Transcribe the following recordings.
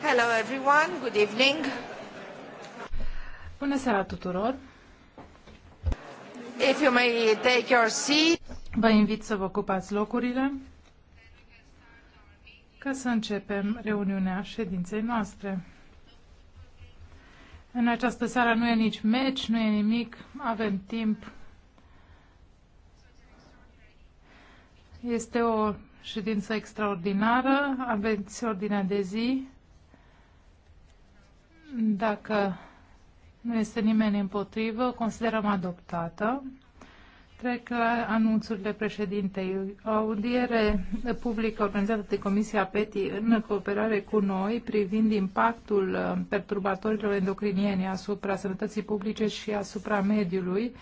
Hello everyone, good evening. Bună seara tuturor. If you may take your seat. Vă invit să vă ocupați locurile ca să începem reuniunea ședinței noastre. În această seară nu e nici meci, nu e nimic, avem timp. Este o ședință extraordinară. Aveți ordinea de zi. Dacă nu este nimeni împotrivă, considerăm adoptată. Trec la anunțurile președintei. O audiere publică organizată de Comisia PETI în cooperare cu noi privind impactul uh, perturbatorilor endocriniene asupra sănătății publice și asupra mediului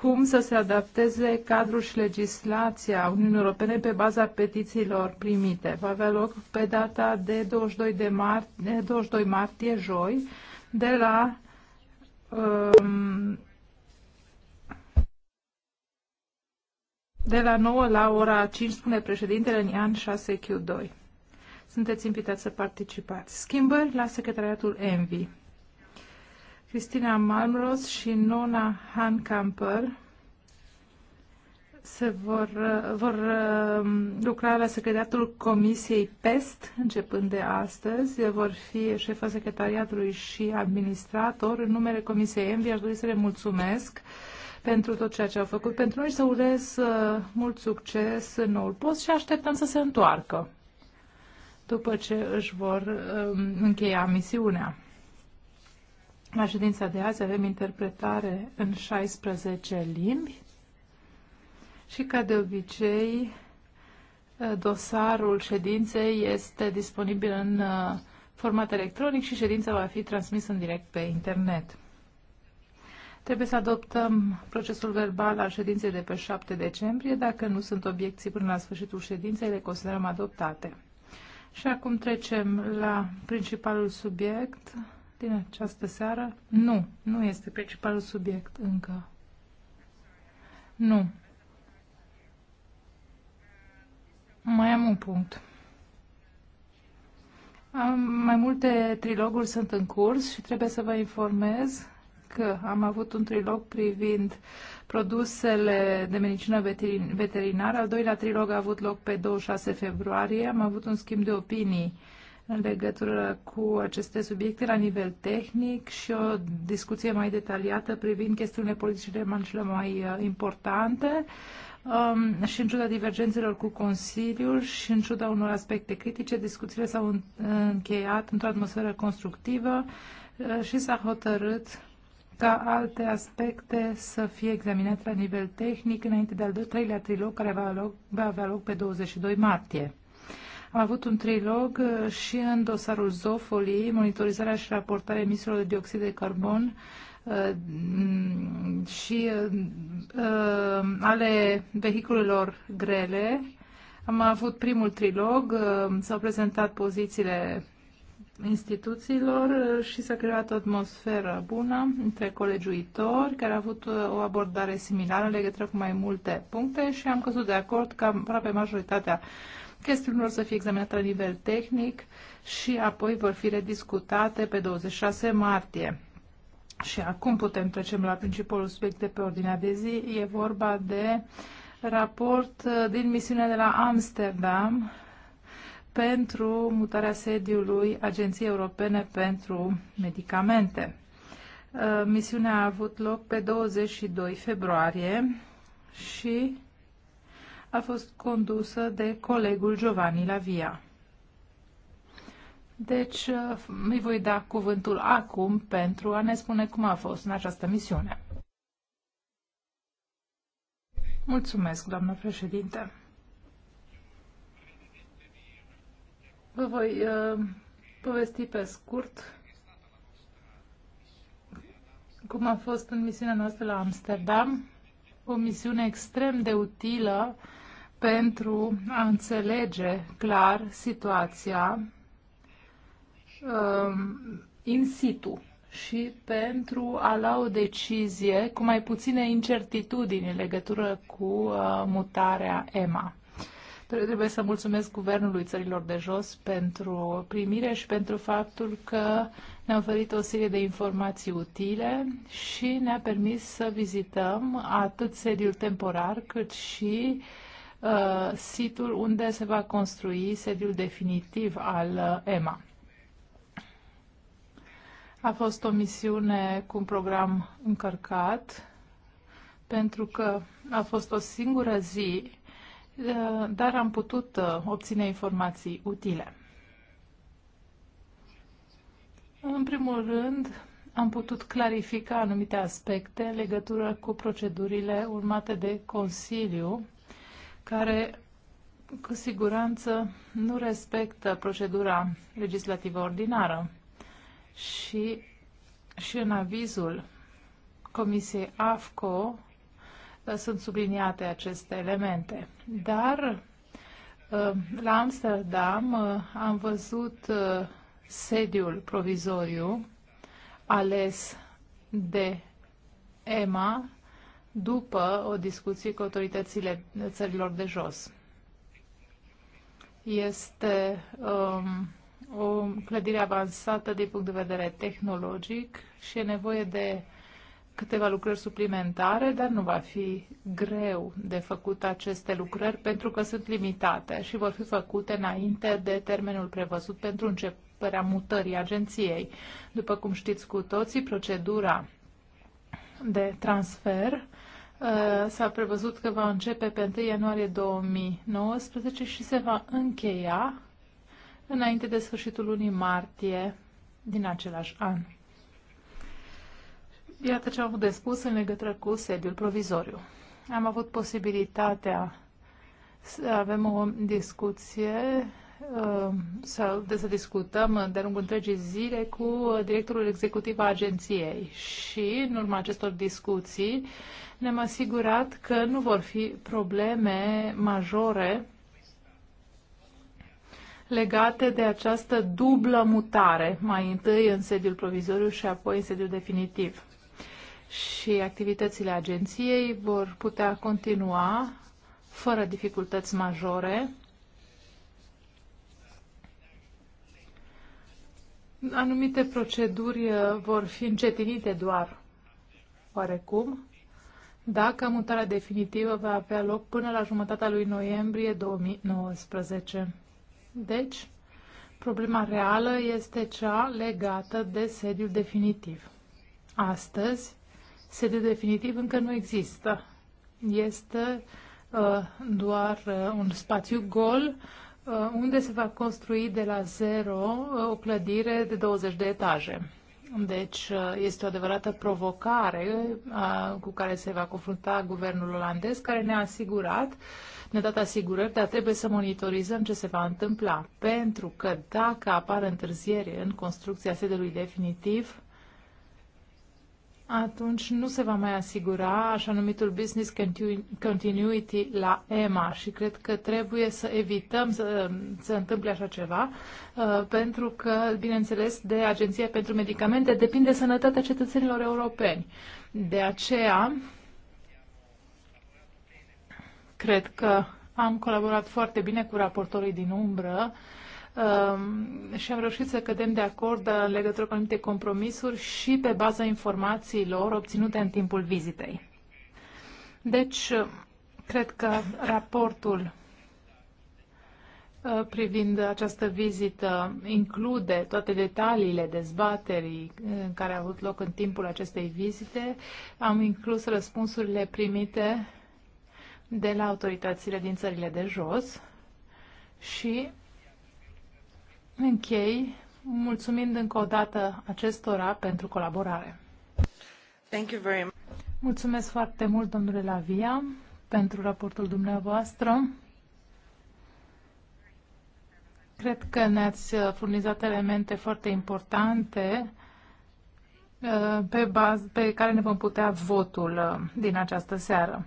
cum să se adapteze cadrul și legislația Uniunii Europene pe baza petițiilor primite. Va avea loc pe data de 22, de martie, 22 martie, joi, de la um, de la 9 la ora 5, spune președintele în an 6Q2. Sunteți invitați să participați. Schimbări la secretariatul ENVI. Cristina Malmros și Nona Camper se vor, vor um, lucra la secretariatul Comisiei PEST începând de astăzi. Vor fi șefa secretariatului și administrator. În numele Comisiei M, aș dori să le mulțumesc pentru tot ceea ce au făcut pentru noi și să urez uh, mult succes în noul post și așteptăm să se întoarcă după ce își vor um, încheia misiunea. La ședința de azi avem interpretare în 16 limbi și, ca de obicei, dosarul ședinței este disponibil în uh, format electronic și ședința va fi transmisă în direct pe internet. Trebuie să adoptăm procesul verbal al ședinței de pe 7 decembrie. Dacă nu sunt obiecții până la sfârșitul ședinței, le considerăm adoptate. Și acum trecem la principalul subiect, din această seară? Nu, nu este principalul subiect încă. Nu. Mai am un punct. Am, mai multe triloguri sunt în curs și trebuie să vă informez că am avut un trilog privind produsele de medicină veterinară. Al doilea trilog a avut loc pe 26 februarie. Am avut un schimb de opinii uh, în legătură cu aceste subiecte la nivel tehnic și o discuție mai detaliată privind chestiunile politicile cele mai uh, importante um, și în ciuda divergențelor cu Consiliul și în ciuda unor aspecte critice, discuțiile s-au încheiat într-o atmosferă constructivă uh, și s-a hotărât ca alte aspecte să fie examinate la nivel tehnic înainte de al treilea trilog care va avea loc pe 22 martie. Am avut un trilog uh, și în dosarul Zofoli, monitorizarea și raportarea emisiilor de dioxid de carbon uh, mm, și uh, ale vehiculelor grele. Am avut primul trilog, s-au prezentat pozițiile instituțiilor și s-a creat o atmosferă bună între colegiuitori care au avut o abordare similară în legătură cu mai multe puncte și am căzut de acord că aproape majoritatea chestiunilor să fie examinate la nivel tehnic și apoi vor fi rediscutate pe 26 martie. Și acum putem trecem la principalul subiect de pe ordinea de zi. E vorba de raport uh, din misiunea de la Amsterdam pentru mutarea sediului Agenției Europene pentru Medicamente. Uh, misiunea a avut loc pe 22 februarie și a fost condusă de colegul Giovanni Lavia. Deci uh, îi voi da cuvântul acum pentru a ne spune cum a fost în această misiune. Mulțumesc, doamnă președinte. Vă voi uh, povesti pe scurt cum a fost în misiunea noastră la Amsterdam, o misiune extrem de utilă uh, pentru a înțelege clar situația um, in situ și pentru a lua o decizie cu mai puține incertitudini în legătură cu uh, mutarea EMA. Trebuie să mulțumesc Guvernului Țărilor de Jos pentru primire și pentru faptul că ne-a oferit o serie de informații utile și ne-a permis să vizităm atât sediul temporar cât și uh, uh, situl unde se va construi sediul definitiv al uh, EMA. A fost o misiune cu un program încărcat, pentru că a fost o singură zi, uh, dar am putut uh, obține informații utile. În primul rând, am putut clarifica anumite aspecte în legătură cu procedurile urmate de Consiliu care cu siguranță nu respectă procedura legislativă ordinară și, și în avizul Comisiei AFCO uh, sunt subliniate aceste elemente. Dar uh, la Amsterdam uh, am văzut sediul provizoriu ales de EMA după o discuție cu autoritățile țărilor de jos. Este um, o clădire avansată din punct de vedere tehnologic și e nevoie de câteva lucrări suplimentare, dar nu va fi greu de făcut aceste lucrări pentru că sunt limitate și vor fi făcute înainte de termenul prevăzut pentru începerea mutării agenției. După cum știți cu toții, procedura de transfer Uh, s-a prevăzut că va începe pe 1 ianuarie 2019 și se va încheia înainte de sfârșitul lunii martie din același an. Iată ce am avut de spus în legătură cu sediul provizoriu. Am avut posibilitatea să avem o discuție Uh, să, de să discutăm de lungul întregii zile cu directorul executiv a agenției și în urma acestor discuții ne-am asigurat că nu vor fi probleme majore legate de această dublă mutare, mai întâi în sediul provizoriu și apoi în sediul definitiv. Și activitățile agenției vor putea continua fără dificultăți majore Anumite proceduri uh, vor fi încetinite doar oarecum dacă mutarea definitivă va avea loc până la jumătatea lui noiembrie 2019. Deci, problema reală este cea legată de sediul definitiv. Astăzi, sediul definitiv încă nu există. Este uh, doar uh, un spațiu gol uh, Uh, unde se va construi de la zero uh, o clădire de 20 de etaje. Deci uh, este o adevărată provocare cu care se va confrunta guvernul olandez, care ne-a asigurat, ne-a dat asigurări, dar trebuie să monitorizăm ce se va întâmpla. Pentru că dacă apar întârzieri în construcția sedelui definitiv, atunci nu se va mai asigura așa numitul business continuity la EMA și cred că trebuie să evităm să se întâmple așa ceva, uh, pentru că, bineînțeles, de Agenția pentru Medicamente depinde sănătatea cetățenilor europeni. De aceea, cred că am colaborat foarte bine cu raportorii din umbră Um, și am reușit să cădem de acord în legătură cu anumite compromisuri și pe baza informațiilor obținute în timpul vizitei. Deci, cred că raportul uh, privind această vizită include toate detaliile dezbaterii care au avut loc în timpul acestei vizite. Am inclus răspunsurile primite de la autoritățile din țările de jos și închei mulțumind încă o dată acestora pentru colaborare. Thank you very much. Mulțumesc foarte mult, domnule Lavia, pentru raportul dumneavoastră. Cred că ne-ați furnizat elemente foarte importante uh, pe, baz, pe care ne vom putea votul uh, din această seară.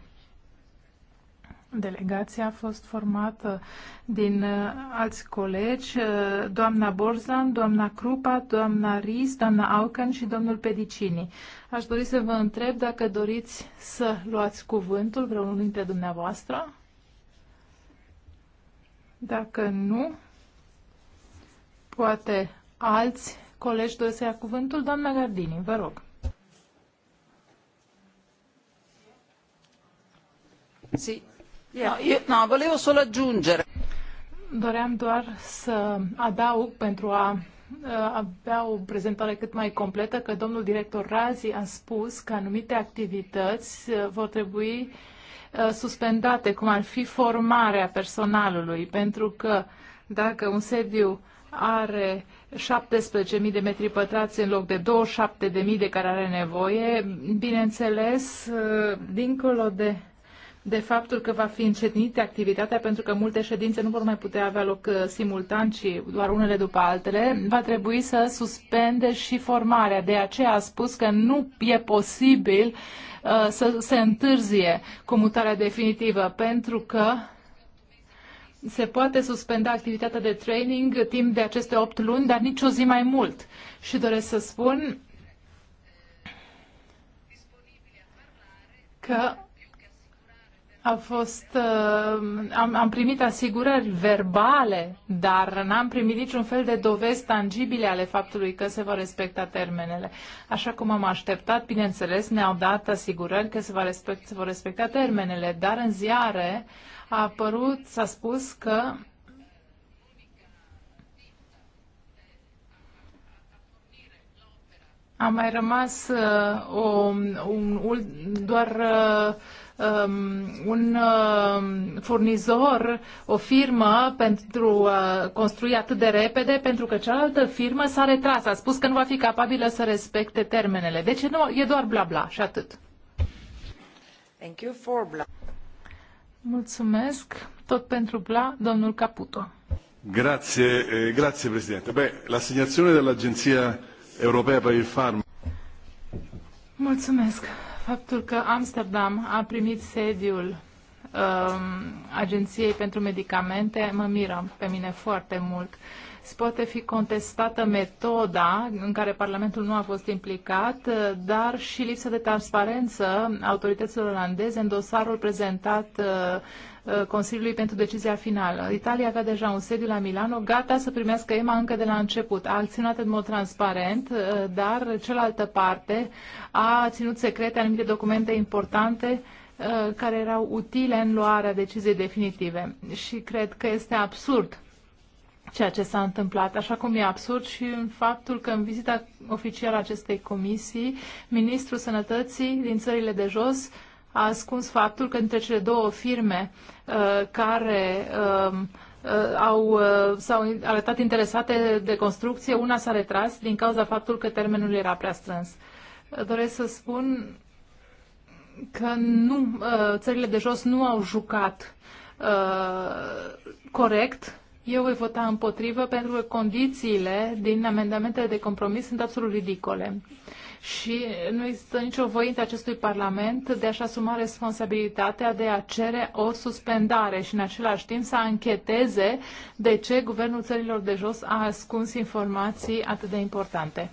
Delegația a fost formată din uh, alți colegi, uh, doamna Borzan, doamna Crupa, doamna Ris, doamna Aucan și domnul Pedicini. Aș dori să vă întreb dacă doriți să luați cuvântul vreunul dintre dumneavoastră. Dacă nu, poate alți colegi doresc să ia cuvântul. Doamna Gardini, vă rog. Sí, No, io, no, volevo solo aggiungere. Doream doar să adaug pentru a avea o prezentare cât mai completă că domnul director Razi a spus că anumite activități uh, vor trebui uh, suspendate, cum ar fi formarea personalului, pentru că dacă un sediu are 17.000 de metri pătrați în loc de 27.000 de care are nevoie, bineînțeles, uh, dincolo de de faptul că va fi încetinită activitatea pentru că multe ședințe nu vor mai putea avea loc uh, simultan, ci doar unele după altele, va trebui să suspende și formarea. De aceea a spus că nu e posibil uh, să se întârzie comutarea definitivă, pentru că se poate suspenda activitatea de training timp de aceste 8 luni, dar nici o zi mai mult. Și doresc să spun că a fost, uh, am, am primit asigurări verbale, dar n-am primit niciun fel de dovezi tangibile ale faptului că se vor respecta termenele. Așa cum am așteptat, bineînțeles, ne-au dat asigurări că se, va respect, se vor respecta termenele, dar în ziare a apărut, s-a spus că a mai rămas uh, o, un, un, doar uh, Um, un um, furnizor, o firmă pentru a construi atât de repede pentru că cealaltă firmă s-a retras, a spus că nu va fi capabilă să respecte termenele. Deci nu, e doar bla bla și atât. Thank you for bla. Mulțumesc tot pentru bla, domnul Caputo. Grazie, eh, grazie Presidente. Beh, l'assegnazione dell'Agenzia Europea per il Farmaco Mulțumesc faptul că Amsterdam a primit sediul um, Agenției pentru Medicamente mă miră pe mine foarte mult. Se Poate fi contestată metoda în care Parlamentul nu a fost implicat, uh, dar și lipsa de transparență autorităților olandeze în dosarul prezentat uh, Uh, Consiliului pentru decizia finală. Italia avea deja un sediu la Milano, gata să primească EMA încă de la început. A acționat în mod transparent, uh, dar cealaltă parte a ținut secrete anumite documente importante uh, care erau utile în luarea deciziei definitive. Și cred că este absurd ceea ce s-a întâmplat, așa cum e absurd și în faptul că în vizita oficială acestei comisii, Ministrul Sănătății din țările de jos a ascuns faptul că între cele două firme uh, care um, uh, au, uh, s-au arătat interesate de construcție, una s-a retras din cauza faptul că termenul era prea strâns. Uh, doresc să spun că nu, uh, țările de jos nu au jucat corect eu voi vota împotrivă pentru că condițiile din amendamentele de compromis sunt absolut ridicole. Și nu există nicio voință acestui Parlament de a-și asuma responsabilitatea de a cere o suspendare și în același timp să ancheteze de ce Guvernul Țărilor de Jos a ascuns informații atât de importante.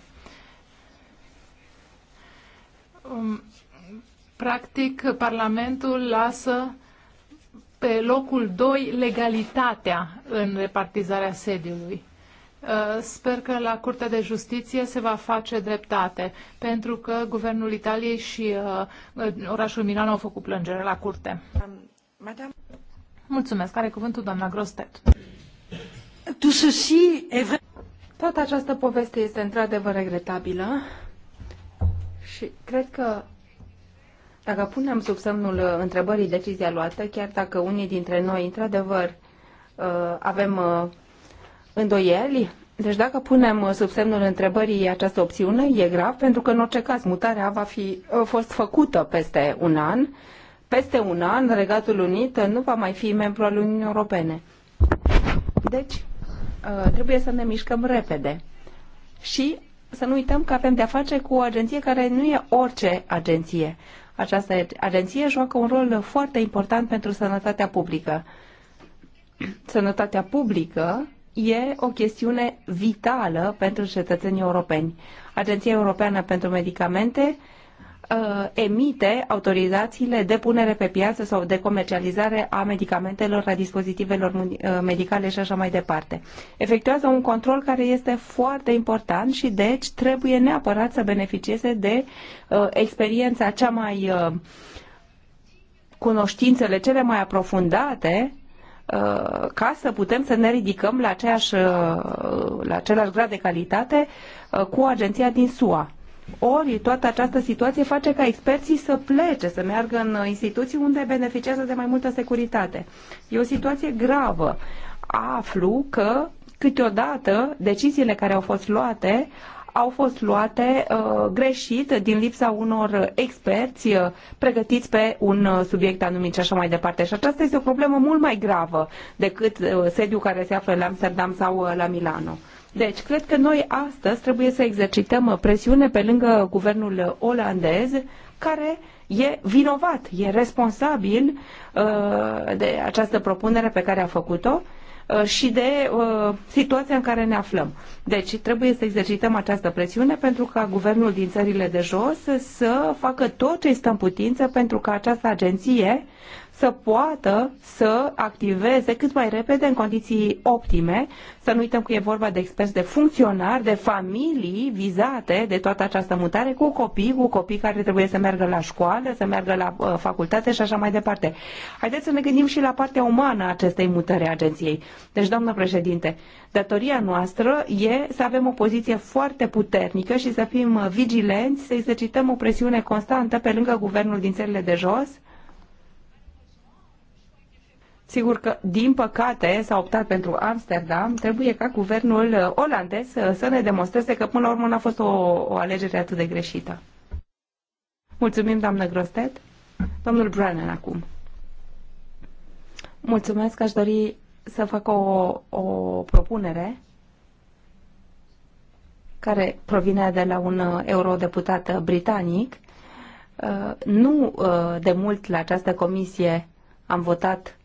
Um, practic, Parlamentul lasă pe locul 2, legalitatea în repartizarea sediului. Uh, sper că la Curtea de Justiție se va face dreptate, pentru că Guvernul Italiei și uh, uh orașul Milano au făcut plângere la Curte. Madame... Mulțumesc. Are cuvântul doamna Grostet. Toată această poveste este într-adevăr regretabilă și cred că dacă punem sub semnul uh, întrebării decizia luată, chiar dacă unii dintre noi, într-adevăr, uh, avem uh, îndoieli, deci dacă punem sub semnul întrebării această opțiune, e grav, pentru că în orice caz mutarea va fi fost făcută peste un an. Peste un an, Regatul Unit nu va mai fi membru al Uniunii Europene. Deci, trebuie să ne mișcăm repede. Și să nu uităm că avem de-a face cu o agenție care nu e orice agenție. Această agenție joacă un rol foarte important pentru sănătatea publică. Sănătatea publică e o chestiune vitală pentru cetățenii europeni. Agenția Europeană pentru Medicamente Uh, emite autorizațiile de punere pe piață sau de comercializare a medicamentelor, a dispozitivelor uh, medicale și așa mai departe. Efectuează un control care este foarte important și deci trebuie neapărat să beneficieze de uh, experiența cea mai cunoștințele cele mai aprofundate ca să putem să ne ridicăm la, aceeași, la același grad de calitate cu agenția din SUA ori toată această situație face ca experții să plece, să meargă în instituții unde beneficiază de mai multă securitate. E o situație gravă. Aflu că câteodată deciziile care au fost luate au fost luate uh, greșit din lipsa unor experți uh, pregătiți pe un uh, subiect anumit și așa mai departe. Și aceasta este o problemă mult mai gravă decât uh, sediul care se află la Amsterdam sau uh, la Milano. Deci, cred că noi astăzi trebuie să exercităm presiune pe lângă guvernul olandez, care e vinovat, e responsabil uh, de această propunere pe care a făcut-o uh, și de uh, situația în care ne aflăm. Deci trebuie să exercităm această presiune pentru ca guvernul din țările de jos să facă tot ce stă în putință pentru ca această agenție să poată să activeze cât mai repede în condiții optime. Să nu uităm că e vorba de experți, de funcționari, de familii vizate de toată această mutare, cu copii, cu copii care trebuie să meargă la școală, să meargă la uh, facultate și așa mai departe. Haideți să ne gândim și la partea umană a acestei mutări a agenției. Deci, doamnă președinte, datoria noastră e să avem o poziție foarte puternică și să fim vigilenți, să exercităm o presiune constantă pe lângă guvernul din țările de jos, Sigur că, din păcate, s-a optat pentru Amsterdam. Trebuie ca guvernul uh, olandez uh, să ne demonstreze că, până la urmă, n-a fost o, o alegere atât de greșită. Mulțumim, doamnă Grostet. Domnul Brennan, acum. Mulțumesc, aș dori să fac o, o propunere care provine de la un uh, eurodeputat britanic. Nu de mult la această comisie am votat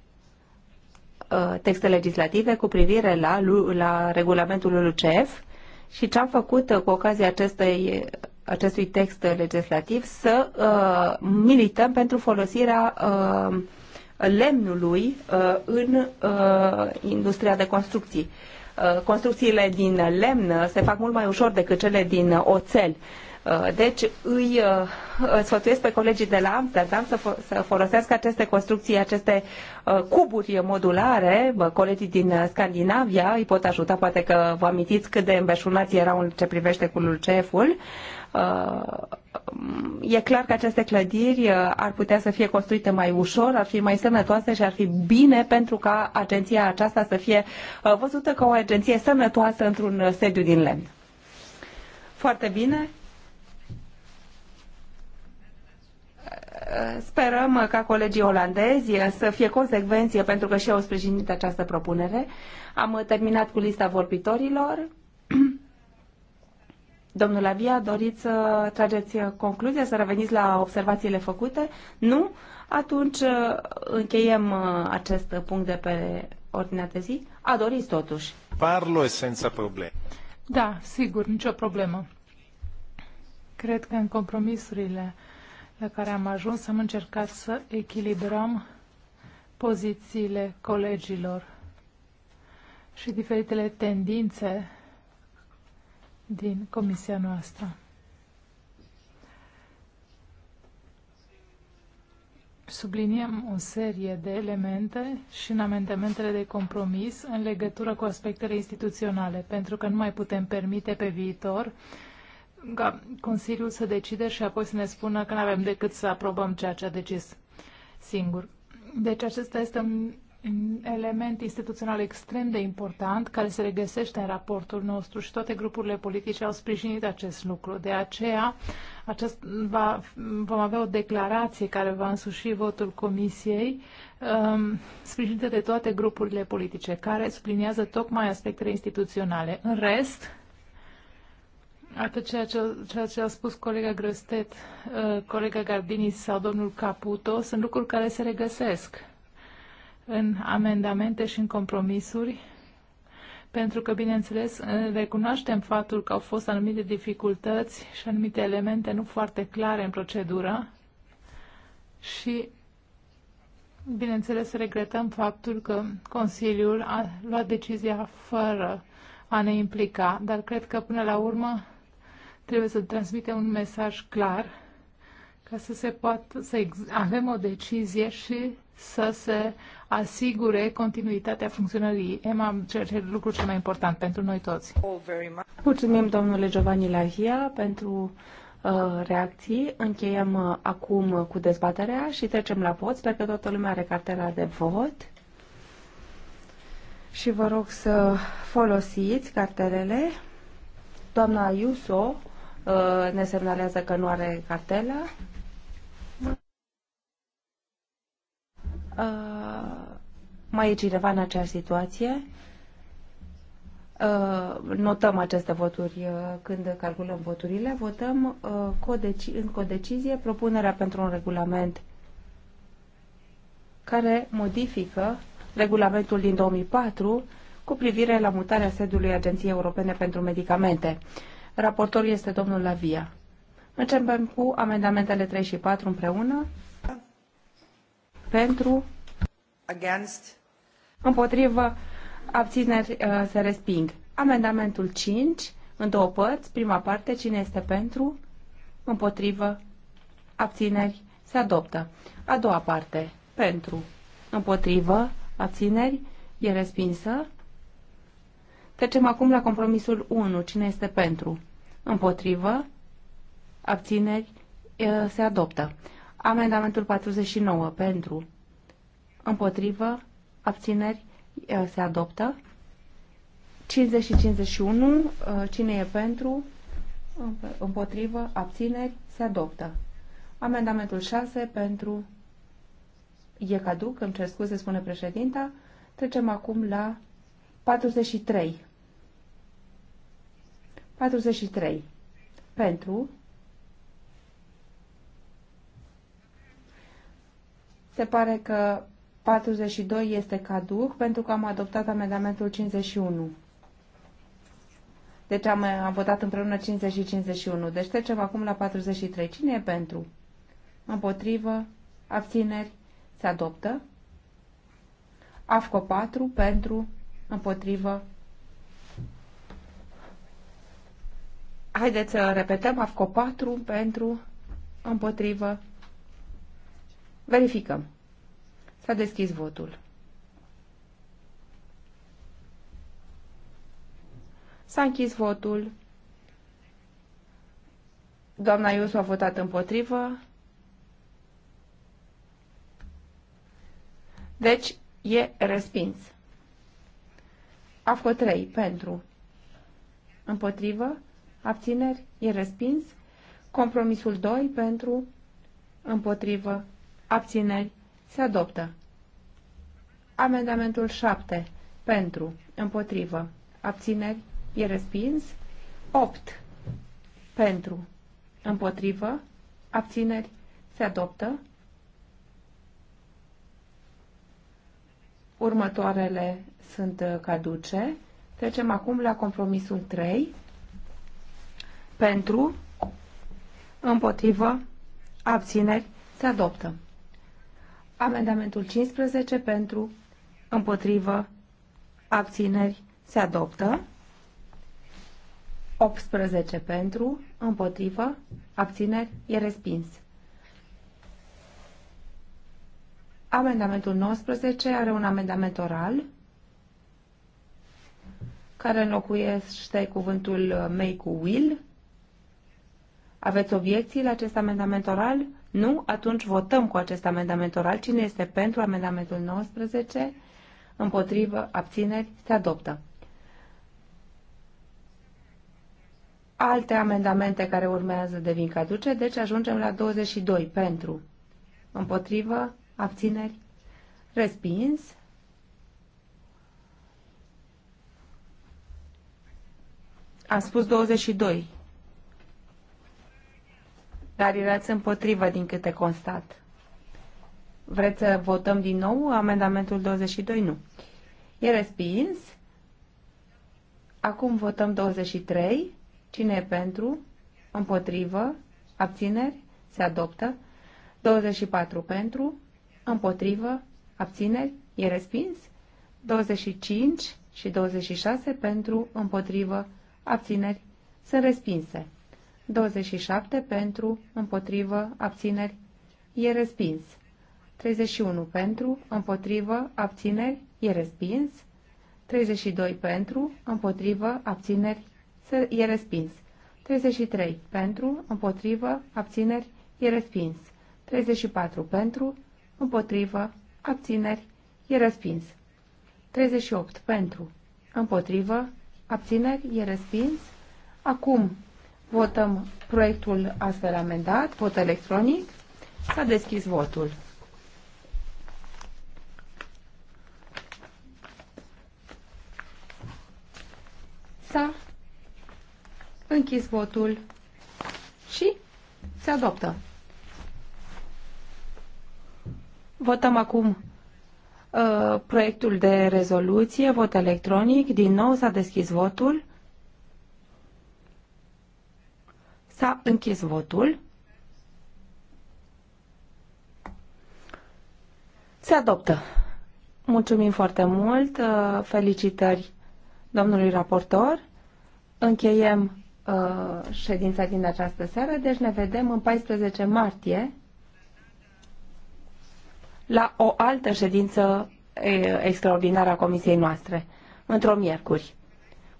Uh, texte legislative cu privire la, la regulamentul LUCF și ce am făcut uh, cu ocazia acestei, acestui text legislativ să uh, milităm pentru folosirea uh, lemnului uh, în uh, industria de construcții. Uh, construcțiile din lemn se fac mult mai ușor decât cele din oțel. Deci îi sfătuiesc pe colegii de la Amsterdam să, să folosească aceste construcții, aceste cuburi modulare. Colegii din Scandinavia îi pot ajuta, poate că vă amintiți cât de îmbeșunați erau în ce privește cu lulceful. Uh, e clar că aceste clădiri uh, ar putea să fie construite mai ușor, ar fi mai sănătoase și ar fi bine pentru ca agenția aceasta să fie uh, văzută ca o agenție sănătoasă într-un sediu din lemn. Foarte bine. Sperăm ca colegii olandezi să fie consecvenție pentru că și au sprijinit această propunere. Am terminat cu lista vorbitorilor. Domnul Avia, doriți să trageți concluzia, să reveniți la observațiile făcute? Nu? Atunci uh, încheiem uh, acest punct de pe ordinea de zi. A doriți totuși. Parlo e senza probleme. Da, sigur, nicio problemă. Cred că în compromisurile la care am ajuns am încercat să echilibrăm pozițiile colegilor și diferitele tendințe din comisia noastră. Subliniem o serie de elemente și în amendamentele de compromis în legătură cu aspectele instituționale, pentru că nu mai putem permite pe viitor ca Consiliul să decide și apoi să ne spună că nu avem decât să aprobăm ceea ce a decis singur. Deci acesta este un element instituțional extrem de important care se regăsește în raportul nostru și toate grupurile politice au sprijinit acest lucru. De aceea acest va, vom avea o declarație care va însuși votul Comisiei um, sprijinită de toate grupurile politice care subliniază tocmai aspectele instituționale. În rest, atât ceea ce, ceea ce a spus colega Grăstet, uh, colega Gardini sau domnul Caputo sunt lucruri care se regăsesc în amendamente și în compromisuri, pentru că, bineînțeles, recunoaștem faptul că au fost anumite dificultăți și anumite elemente nu foarte clare în procedură și, bineînțeles, regretăm faptul că Consiliul a luat decizia fără a ne implica, dar cred că, până la urmă, trebuie să transmitem un mesaj clar ca să se poată să avem o decizie și să se asigure continuitatea funcționării EMA, ceea ce e lucrul cel mai important pentru noi toți. Mulțumim, domnule Giovanni Lahia, pentru uh, reacții. Încheiem uh, acum cu dezbaterea și trecem la vot. Sper că toată lumea are cartela de vot. Și vă rog să folosiți cartelele. Doamna Iuso uh, ne semnalează că nu are cartela. Uh, mai e cineva în acea situație. Uh, notăm aceste voturi uh, când calculăm voturile. Votăm în codecizie propunerea pentru un regulament care modifică regulamentul din 2004 cu privire la mutarea sediului Agenției Europene pentru Medicamente. Raportorul este domnul Lavia. Începem cu amendamentele 3 și 4 împreună pentru, against, împotrivă, abțineri uh, se resping. Amendamentul 5, în două părți, prima parte, cine este pentru, împotrivă, abțineri, se adoptă. A doua parte, pentru, împotrivă, abțineri, e respinsă. Trecem acum la compromisul 1, cine este pentru, împotrivă, abțineri, se adoptă. Amendamentul 49 pentru, împotrivă, abțineri, se adoptă. 50 și 51, cine e pentru, împotrivă, abțineri, se adoptă. Amendamentul 6 pentru, e caduc, îmi cer scuze, spune președinta. Trecem acum la 43. 43. Pentru, Se pare că 42 este caduc pentru că am adoptat amendamentul 51. Deci am, am votat împreună 50 și 51. Deci trecem acum la 43. Cine e pentru? Împotrivă? Abțineri? Se adoptă? AFCO 4 pentru? Împotrivă? Haideți să repetăm. AFCO 4 pentru? Împotrivă? Verificăm. S-a deschis votul. S-a închis votul. Doamna Iosu a votat împotrivă. Deci, e respins. fost 3, pentru. Împotrivă, abțineri, e respins. Compromisul 2, pentru. Împotrivă, abțineri, se adoptă. Amendamentul 7. Pentru, împotrivă, abțineri, e respins. 8. Pentru, împotrivă, abțineri, se adoptă. Următoarele sunt uh, caduce. Trecem acum la compromisul 3. Pentru, împotrivă, abțineri, se adoptă. Amendamentul 15 pentru, împotrivă, abțineri se adoptă. 18 pentru, împotrivă, abțineri e respins. Amendamentul 19 are un amendament oral care înlocuiește cuvântul uh, "make" cu will. Aveți obiecții la acest amendament oral? Nu? Atunci votăm cu acest amendament oral. Cine este pentru amendamentul 19? Împotrivă? Abțineri? Se adoptă. Alte amendamente care urmează devin caduce, deci ajungem la 22. Pentru? Împotrivă? Abțineri? Respins? Am spus 22 dar erați împotrivă din câte constat. Vreți să votăm din nou amendamentul 22? Nu. E respins. Acum votăm 23. Cine e pentru? Împotrivă? Abțineri? Se adoptă. 24 pentru? Împotrivă? Abțineri? E respins. 25 și 26 pentru? Împotrivă? Abțineri? Sunt respinse. 27 pentru, împotrivă, abțineri, e respins. 31 pentru, împotrivă, abțineri, e respins. 32 pentru, împotrivă, abțineri, e respins. 33 pentru, împotrivă, abțineri, e respins. 34 pentru, împotrivă, abțineri, e respins. 38 pentru, împotrivă, abțineri, e respins. Acum Votăm proiectul astfel amendat, vot electronic. S-a deschis votul. S-a închis votul și se adoptă. Votăm acum uh, proiectul de rezoluție, vot electronic. Din nou s-a deschis votul. S-a închis votul. Se adoptă. Mulțumim foarte mult. Uh, felicitări domnului raportor. Încheiem uh, ședința din această seară, deci ne vedem în 14 martie la o altă ședință extraordinară a comisiei noastre, într-o miercuri.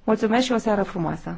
Mulțumesc și o seară frumoasă!